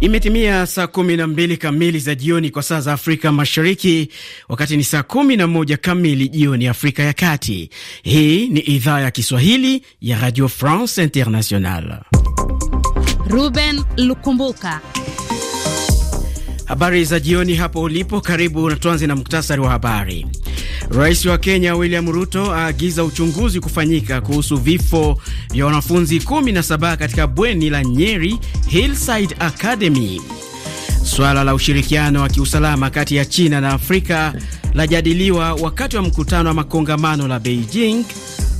Imetimia saa 12 kamili za jioni kwa saa za Afrika Mashariki, wakati ni saa 11 kamili jioni Afrika ya Kati. Hii ni idhaa ya Kiswahili ya Radio France international Ruben Lukumbuka, habari za jioni hapo ulipo. Karibu na tuanze na muktasari wa habari. Rais wa Kenya William Ruto aagiza uchunguzi kufanyika kuhusu vifo vya wanafunzi 17 katika bweni la Nyeri Hillside Academy. Swala la ushirikiano wa kiusalama kati ya China na Afrika lajadiliwa wakati wa mkutano wa makongamano la Beijing,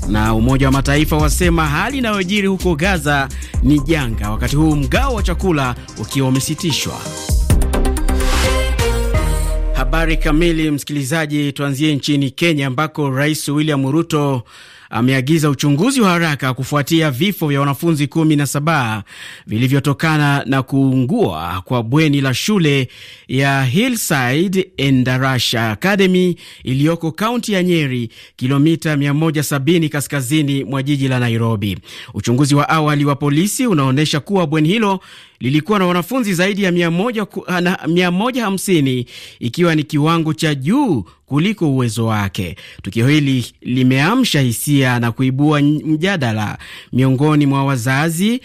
na Umoja wa Mataifa wasema hali inayojiri huko Gaza ni janga, wakati huu mgao wa chakula ukiwa umesitishwa. Habari kamili, msikilizaji, tuanzie nchini Kenya ambako Rais William Ruto ameagiza uchunguzi wa haraka kufuatia vifo vya wanafunzi kumi na saba vilivyotokana na kuungua kwa bweni la shule ya Hillside Endarasha Academy iliyoko kaunti ya Nyeri, kilomita 170 kaskazini mwa jiji la Nairobi. Uchunguzi wa awali wa polisi unaonyesha kuwa bweni hilo lilikuwa na wanafunzi zaidi ya 150 ah, ikiwa ni kiwango cha juu kuliko uwezo wake. Tukio hili limeamsha hisia na kuibua mjadala miongoni mwa wazazi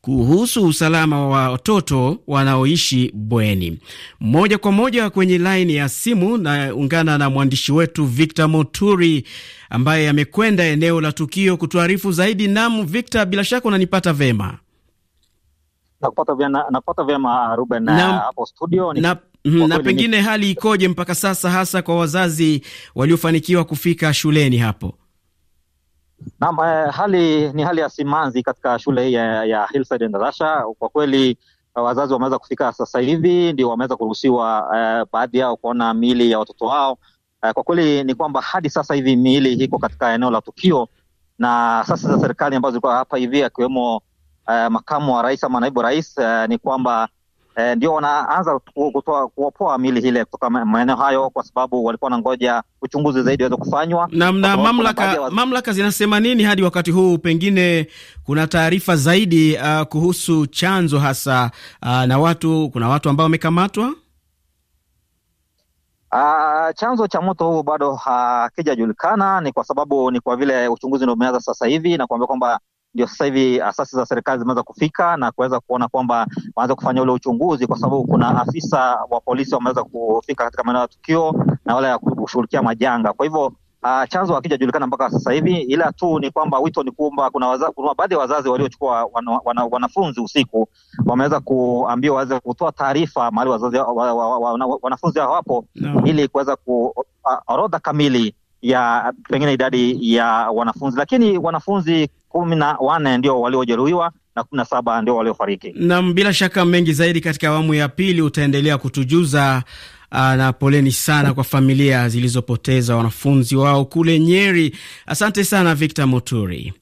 kuhusu usalama wa watoto wanaoishi bweni. Moja kwa moja kwenye laini ya simu naungana na mwandishi wetu Victor Moturi ambaye amekwenda eneo la tukio kutuarifu zaidi. nam Victor, bila shaka unanipata vema? Nakupata vyema Ruben eh, hapo studio ni na, na pengine hali ikoje mpaka sasa, hasa kwa wazazi waliofanikiwa kufika shuleni hapo? Naam, eh, hali ni hali ya simanzi katika shule hii ya, ya Hillside Kwa kweli wazazi wameweza kufika sasa hivi, ndio wameweza kuruhusiwa eh, baadhi yao kuona miili ya watoto wao. Eh, kwa kweli ni kwamba hadi sasa hivi miili iko katika eneo la tukio, na sasa za serikali ambazo zilikuwa hapa hivi akiwemo uh, makamu wa rais ama naibu rais uh, ni kwamba uh, ndio wanaanza kuopoa mili hile kutoka maeneo hayo, kwa sababu walikuwa wanangoja uchunguzi zaidi waweze kufanywa na, na mamlaka, wa... mamlaka zinasema nini hadi wakati huu? Pengine kuna taarifa zaidi uh, kuhusu chanzo hasa uh, na watu, kuna watu ambao wamekamatwa. Uh, chanzo cha moto huu bado hakijajulikana. Uh, ni kwa sababu ni kwa vile uchunguzi ndio umeanza sasa hivi, na kuambia kwamba ndio sasa hivi asasi za serikali zimeweza kufika na kuweza kuona kwamba wanaweza kufanya ule uchunguzi, kwa sababu kuna afisa wa polisi wameweza kufika katika maeneo ya tukio na wale ya kushughulikia majanga. Kwa hivyo uh, chanzo hakijajulikana mpaka sasa hivi, ila tu ni kwamba wito ni kwamba kuna, kuna baadhi ya wazazi waliochukua wana, wana, wanafunzi usiku wameweza kuambiwa waweze kutoa taarifa mahali wazazi wa, wa, wa, wa, wanafunzi hao wapo no. ili kuweza kuorodha ah, uh, kamili ya pengine idadi ya wanafunzi, lakini wanafunzi kumi na wanne ndio waliojeruhiwa na kumi na saba ndio waliofariki. Nam, bila shaka mengi zaidi katika awamu ya pili utaendelea kutujuza. Ah, na poleni sana kwa familia zilizopoteza wanafunzi wao kule Nyeri. Asante sana Victor moturi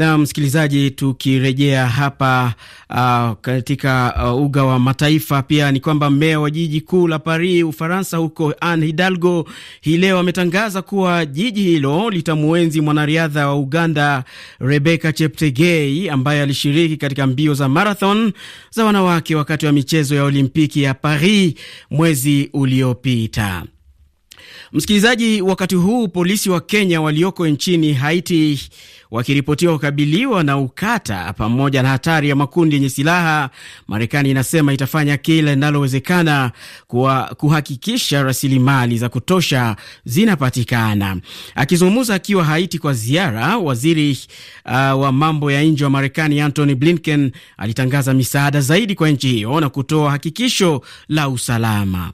na msikilizaji, tukirejea hapa uh, katika uh, uga wa mataifa pia ni kwamba meya wa jiji kuu la Paris, Ufaransa, huko Anne Hidalgo hii leo ametangaza kuwa jiji hilo litamwenzi mwanariadha wa Uganda Rebecca Cheptegei ambaye alishiriki katika mbio za marathon za wanawake wakati wa michezo ya Olimpiki ya Paris mwezi uliopita. Msikilizaji, wakati huu polisi wa Kenya walioko nchini Haiti wakiripotiwa kukabiliwa na ukata pamoja na hatari ya makundi yenye silaha, Marekani inasema itafanya kila linalowezekana kuhakikisha rasilimali za kutosha zinapatikana. Akizungumza akiwa Haiti kwa ziara, waziri uh, wa mambo ya nje wa Marekani Antony Blinken alitangaza misaada zaidi kwa nchi hiyo na kutoa hakikisho la usalama.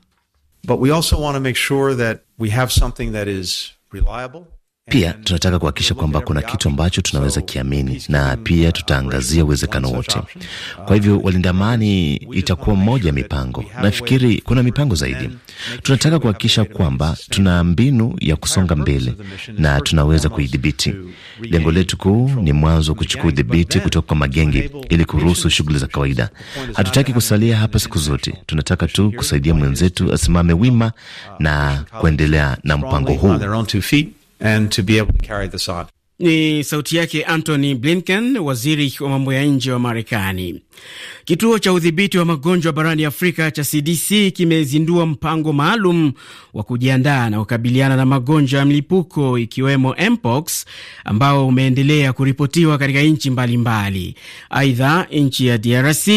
But we also want to make sure that we have something that is reliable, Pia tunataka kuhakikisha kwamba kuna kitu ambacho tunaweza kiamini, na pia tutaangazia uwezekano wote. Kwa hivyo walinda amani itakuwa mmoja ya mipango. Nafikiri kuna mipango zaidi. Tunataka kuhakikisha kwamba tuna mbinu ya kusonga mbele na tunaweza kuidhibiti. Lengo letu kuu ni mwanzo wa kuchukua udhibiti kutoka kwa magenge ili kuruhusu shughuli za kawaida. Hatutaki kusalia hapa siku zote, tunataka tu kusaidia mwenzetu asimame wima na kuendelea na mpango huu and to be able to carry this on. Ni sauti yake Antony Blinken, waziri wa mambo ya nje wa Marekani. Kituo cha udhibiti wa magonjwa barani Afrika cha CDC kimezindua mpango maalum wa kujiandaa na kukabiliana na magonjwa ya mlipuko ikiwemo mpox ambao umeendelea kuripotiwa katika nchi mbalimbali. Aidha, nchi ya DRC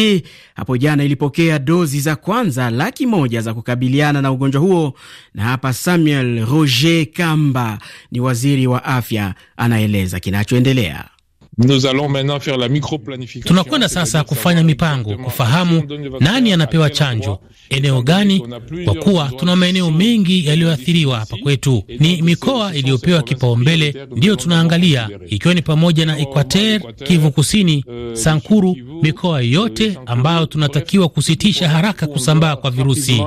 hapo jana ilipokea dozi za kwanza laki moja za kukabiliana na ugonjwa huo, na hapa Samuel Roger Kamba ni waziri wa afya, anaeleza kinachoendelea. Tunakwenda sasa kufanya mipango kufahamu nani anapewa chanjo eneo gani, kwa kuwa tuna maeneo mengi yaliyoathiriwa hapa kwetu. Ni mikoa iliyopewa kipaumbele ndiyo tunaangalia, ikiwa ni pamoja na Equateur, Kivu Kusini, euh, Sankuru, euh, mikoa yote ambayo tunatakiwa kusitisha haraka kusambaa kwa virusi.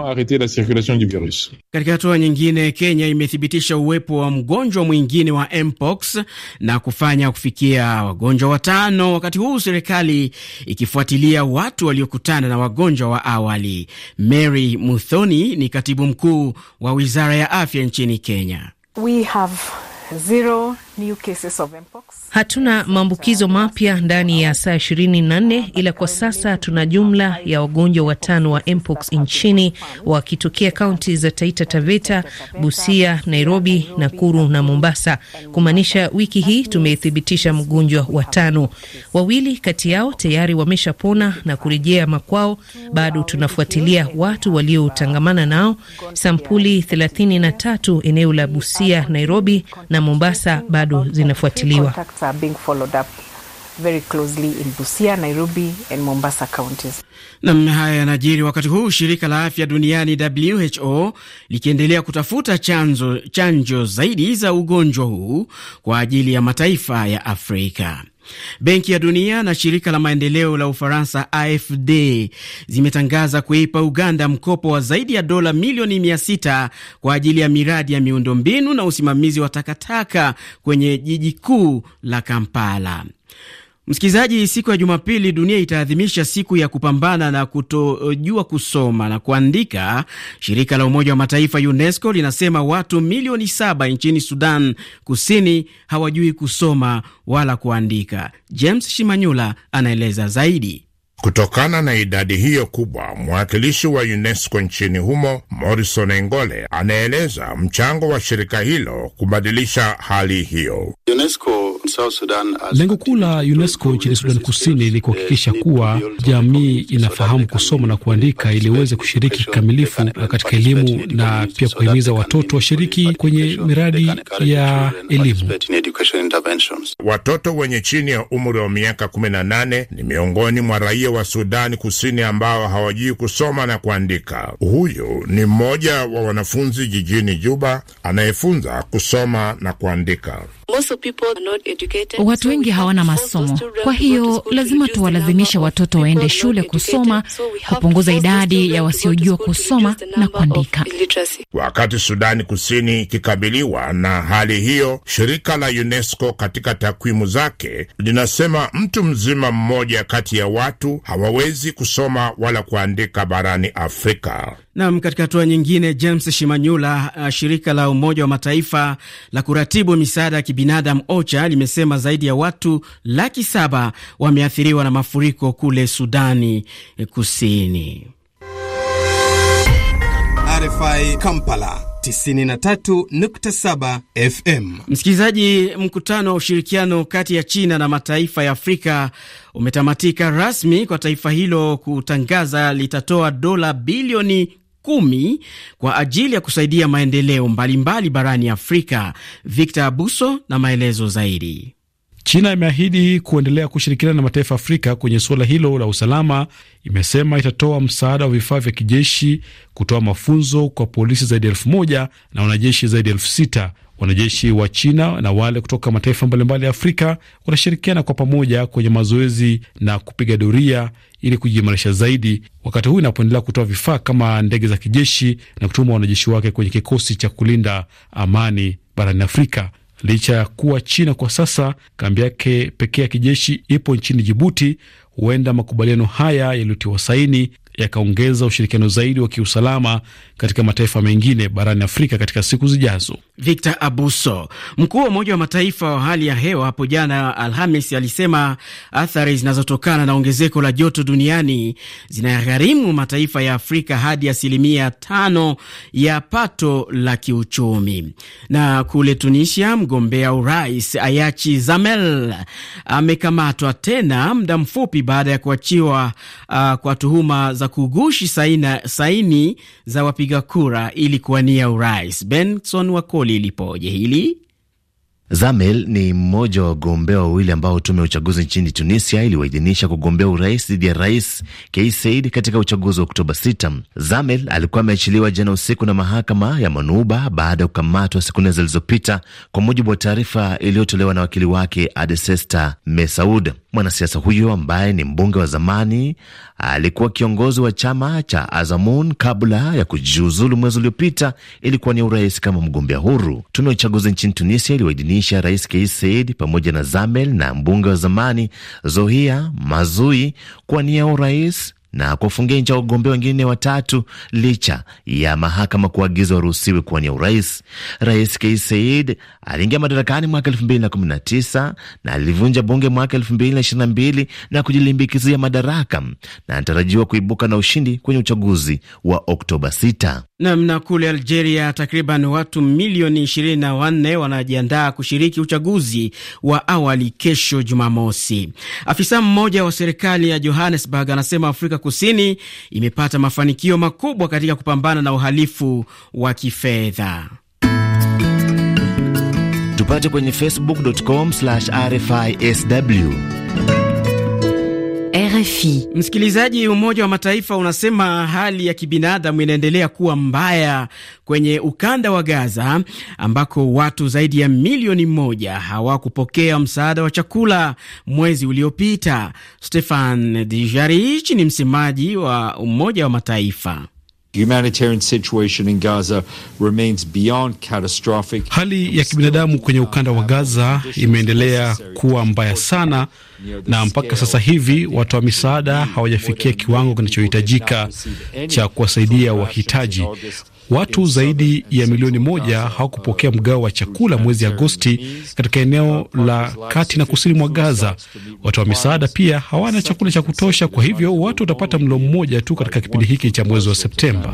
Katika hatua nyingine, Kenya imethibitisha uwepo wa mgonjwa mwingine wa mpox na kufanya kufikia wagonjwa watano, wakati huu serikali ikifuatilia watu waliokutana na wagonjwa wa awali. Mary Muthoni ni katibu mkuu wa wizara ya afya nchini Kenya. We have zero New cases of mpox. Hatuna maambukizo mapya ndani ya saa 24 ila kwa sasa tuna jumla ya wagonjwa watano wa mpox nchini wakitokea kaunti za Taita Taveta, Busia, Nairobi, Nakuru na Mombasa, kumaanisha wiki hii tumethibitisha mgonjwa watano. Wawili kati yao tayari wameshapona na kurejea makwao. Bado tunafuatilia watu waliotangamana nao, sampuli 33 eneo la Busia, Nairobi na Mombasa bado zinafuatiliwa. Very Namna haya yanajiri wakati huu shirika la afya duniani WHO likiendelea kutafuta chanzo, chanjo zaidi za ugonjwa huu kwa ajili ya mataifa ya Afrika. Benki ya Dunia na shirika la maendeleo la Ufaransa AFD zimetangaza kuipa Uganda mkopo wa zaidi ya dola milioni 6 kwa ajili ya miradi ya miundombinu na usimamizi wa takataka kwenye jiji kuu la Kampala. Msikilizaji, siku ya Jumapili dunia itaadhimisha siku ya kupambana na kutojua kusoma na kuandika. Shirika la Umoja wa Mataifa UNESCO linasema watu milioni saba nchini Sudan Kusini hawajui kusoma wala kuandika. James Shimanyula anaeleza zaidi. Kutokana na idadi hiyo kubwa, mwakilishi wa UNESCO nchini humo Morrison Engole anaeleza mchango wa shirika hilo kubadilisha hali hiyo. Lengo kuu la UNESCO nchini Sudan Kusini ni kuhakikisha kuwa jamii inafahamu kusoma na kuandika ili iweze kushiriki kikamilifu katika elimu na pia kuhimiza watoto washiriki kwenye miradi ya elimu. Watoto wenye chini ya umri wa miaka 18 ni miongoni mwa raia wa Sudani Kusini ambao hawajui kusoma na kuandika. Huyu ni mmoja wa wanafunzi jijini Juba anayefunza kusoma na kuandika. Watu wengi hawana masomo, kwa hiyo lazima tuwalazimishe watoto waende shule kusoma, kupunguza idadi ya wasiojua kusoma na kuandika. Wakati Sudani Kusini ikikabiliwa na hali hiyo, shirika la UNESCO katika takwimu zake linasema mtu mzima mmoja kati ya watu hawawezi kusoma wala kuandika barani Afrika. Nam, katika hatua nyingine, James Shimanyula, uh, shirika la Umoja wa Mataifa la kuratibu misaada ya kibinadamu OCHA limesema zaidi ya watu laki saba wameathiriwa na mafuriko kule Sudani Kusini. RFI Kampala 93.7 FM. Msikilizaji, mkutano wa ushirikiano kati ya China na mataifa ya Afrika umetamatika rasmi kwa taifa hilo kutangaza litatoa dola bilioni kumi kwa ajili ya kusaidia maendeleo mbalimbali barani Afrika. Victor Abuso na maelezo zaidi. China imeahidi kuendelea kushirikiana na mataifa Afrika kwenye suala hilo la usalama. Imesema itatoa msaada wa vifaa vya kijeshi, kutoa mafunzo kwa polisi zaidi ya elfu moja na wanajeshi zaidi ya elfu sita Wanajeshi wa China na wale kutoka mataifa mbalimbali ya Afrika wanashirikiana kwa pamoja kwenye mazoezi na kupiga doria ili kujiimarisha zaidi, wakati huu inapoendelea kutoa vifaa kama ndege za kijeshi na kutuma wanajeshi wake kwenye kikosi cha kulinda amani barani Afrika. Licha ya kuwa China kwa sasa kambi yake pekee ya kijeshi ipo nchini Jibuti, huenda makubaliano haya yaliyotiwa saini yakaongeza ushirikiano zaidi wa kiusalama katika mataifa mengine barani Afrika katika siku zijazo. Victor Abuso, mkuu wa Umoja wa Mataifa wa hali ya hewa, hapo jana Alhamis alisema athari zinazotokana na ongezeko la joto duniani zinayagharimu mataifa ya Afrika hadi asilimia tano ya pato la kiuchumi. Na kule Tunisia, mgombea urais Ayachi Zamel amekamatwa tena muda mfupi baada ya kuachiwa uh, kwa tuhuma za kugushi saina, saini za wapiga kura ili kuwania urais. Benson Wakoli, ilipoje hili? Zamel ni mmoja wa wagombea wawili ambao tume ya uchaguzi nchini Tunisia iliwaidhinisha kugombea urais dhidi ya rais Kais Saied katika uchaguzi wa Oktoba 6. Zamel alikuwa ameachiliwa jana usiku na mahakama ya Manuba baada ya kukamatwa siku nne zilizopita, kwa mujibu wa taarifa iliyotolewa na wakili wake Adesesta Mesaud. Mwanasiasa huyo ambaye ni mbunge wa zamani alikuwa kiongozi wa chama cha Azamun kabla ya kujiuzulu mwezi uliopita, ilikuwa ni urais kama mgombea huru. Tume ya uchaguzi nchini Tunisia iliwaidhinisha kumwidhinisha Rais Kais Saied pamoja na Zamel na mbunge wa zamani Zohia Mazui ya urais na kuwafungia nje wagombea wengine watatu licha ya mahakama kuagiza waruhusiwe kuwania urais. Rais Kais Saied aliingia madarakani mwaka 219 na alivunja bunge mwaka 222 na kujilimbikizia madaraka, na anatarajiwa kuibuka na ushindi kwenye uchaguzi wa Oktoba 6. Namna kule Algeria, takriban watu milioni 24 wanajiandaa kushiriki uchaguzi wa awali kesho Jumamosi. Afisa mmoja wa serikali ya Johannesburg anasema Afrika Kusini imepata mafanikio makubwa katika kupambana na uhalifu wa kifedha. Tupate kwenye facebook.com/rfisw RFI. Msikilizaji, Umoja wa Mataifa unasema hali ya kibinadamu inaendelea kuwa mbaya kwenye ukanda wa Gaza ambako watu zaidi ya milioni moja hawakupokea msaada wa chakula mwezi uliopita. Stefan Dijarich ni msemaji wa Umoja wa Mataifa. Hali ya kibinadamu kwenye ukanda wa Gaza imeendelea kuwa mbaya sana, na mpaka sasa hivi watoa wa misaada hawajafikia kiwango kinachohitajika cha kuwasaidia wahitaji. Watu zaidi ya milioni moja hawakupokea mgao wa chakula mwezi Agosti katika eneo la kati na kusini mwa Gaza. Watu wa misaada pia hawana chakula cha kutosha, kwa hivyo watu watapata mlo mmoja tu katika kipindi hiki cha mwezi wa Septemba.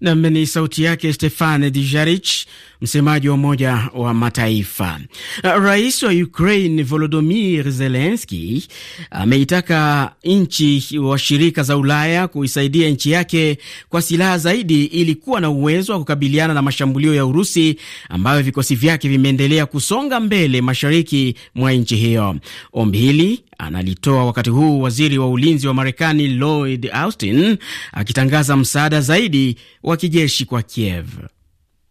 Nam ni sauti yake Stefane Dijarich, msemaji wa Umoja wa Mataifa. Uh, Rais wa Ukraine Volodymyr Zelensky ameitaka nchi washirika za Ulaya kuisaidia nchi yake kwa silaha zaidi ili kuwa na uwezo wa kukabiliana na mashambulio ya Urusi ambayo vikosi vyake vimeendelea kusonga mbele mashariki mwa nchi hiyo. Ombi hili analitoa wakati huu waziri wa ulinzi wa Marekani Lloyd Austin akitangaza msaada zaidi wa kijeshi kwa Kiev.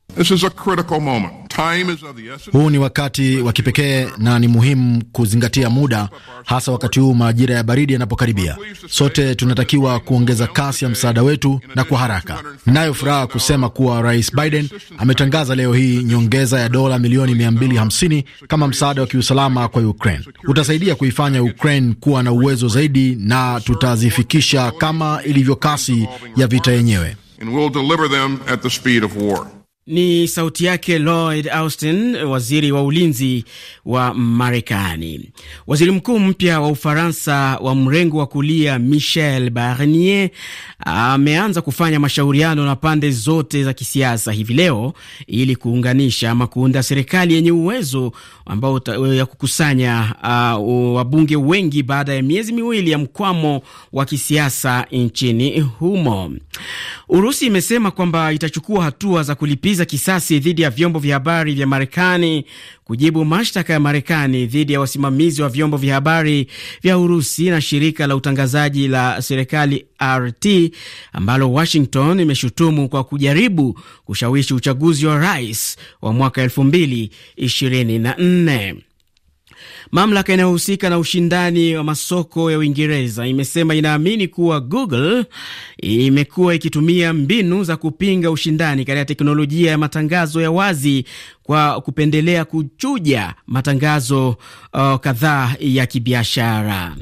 This is a critical moment. Time is of the essence. Huu ni wakati wa kipekee na ni muhimu kuzingatia muda, hasa wakati huu majira ya baridi yanapokaribia. Sote tunatakiwa kuongeza kasi ya msaada wetu na kwa haraka. Ninayo furaha kusema kuwa Rais Biden ametangaza leo hii nyongeza ya dola milioni 250 kama msaada wa kiusalama kwa Ukraine. Utasaidia kuifanya Ukraine kuwa na uwezo zaidi na tutazifikisha kama ilivyo kasi ya vita yenyewe. And we'll deliver them at the speed of war. Ni sauti yake Lloyd Austin, waziri wa ulinzi wa Marekani. Waziri mkuu mpya wa Ufaransa wa mrengo wa kulia Michel Barnier ameanza kufanya mashauriano na pande zote za kisiasa hivi leo ili kuunganisha ama kuunda serikali yenye uwezo ambao ya kukusanya uh, wabunge wengi baada ya miezi miwili ya mkwamo wa kisiasa nchini humo. Urusi imesema kwamba itachukua hatua za kulipia kulipiza kisasi dhidi ya vyombo vya habari vya Marekani kujibu mashtaka ya Marekani dhidi ya wasimamizi wa vyombo vya habari vya Urusi na shirika la utangazaji la serikali RT ambalo Washington imeshutumu kwa kujaribu kushawishi uchaguzi wa rais wa mwaka 2024. Mamlaka inayohusika na ushindani wa masoko ya Uingereza imesema inaamini kuwa Google imekuwa ikitumia mbinu za kupinga ushindani katika teknolojia ya matangazo ya wazi kwa kupendelea kuchuja matangazo uh, kadhaa ya kibiashara.